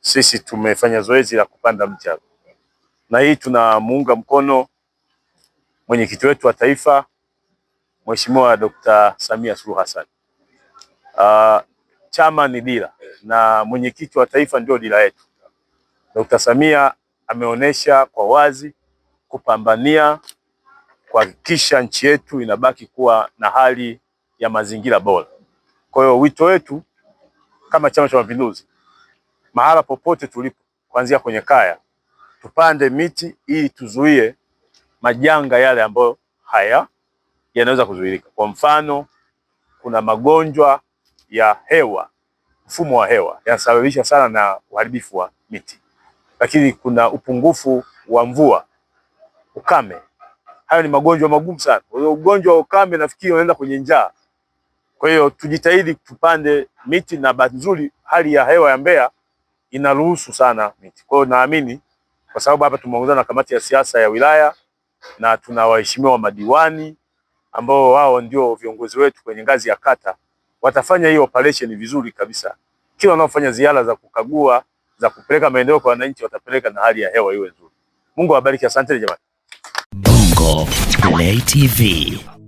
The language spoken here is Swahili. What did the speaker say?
sisi tumefanya zoezi la kupanda mti hapa, na hii tunamuunga mkono mwenyekiti wetu wa taifa Mheshimiwa Dr. Samia Suluhu Hassan. Uh, chama ni dira na mwenyekiti wa taifa ndio dira yetu. Dr. Samia ameonyesha kwa wazi kupambania kuhakikisha nchi yetu inabaki kuwa na hali ya mazingira bora. Kwa hiyo wito wetu kama Chama cha Mapinduzi mahala popote tulipo, kuanzia kwenye kaya, tupande miti ili tuzuie majanga yale ambayo haya yanaweza kuzuilika. Kwa mfano, kuna magonjwa ya hewa, mfumo wa hewa yanasababisha sana na uharibifu wa miti, lakini kuna upungufu wa mvua, ukame. Hayo ni magonjwa magumu sana. Ugonjwa wa ukame nafikiri unaenda kwenye njaa. Kwa hiyo tujitahidi tupande miti, na bahati nzuri hali ya hewa ya Mbeya inaruhusu sana miti. Kwa hiyo naamini kwa sababu hapa tumeongozana na kamati ya siasa ya wilaya na tuna waheshimiwa madiwani ambao wao ndio viongozi wetu kwenye ngazi ya kata, watafanya hii operation vizuri kabisa. Kila wanaofanya ziara za kukagua za kupeleka maendeleo kwa wananchi, watapeleka na hali ya hewa iwe nzuri. Mungu awabariki. Asante jamani. Bongo Play TV.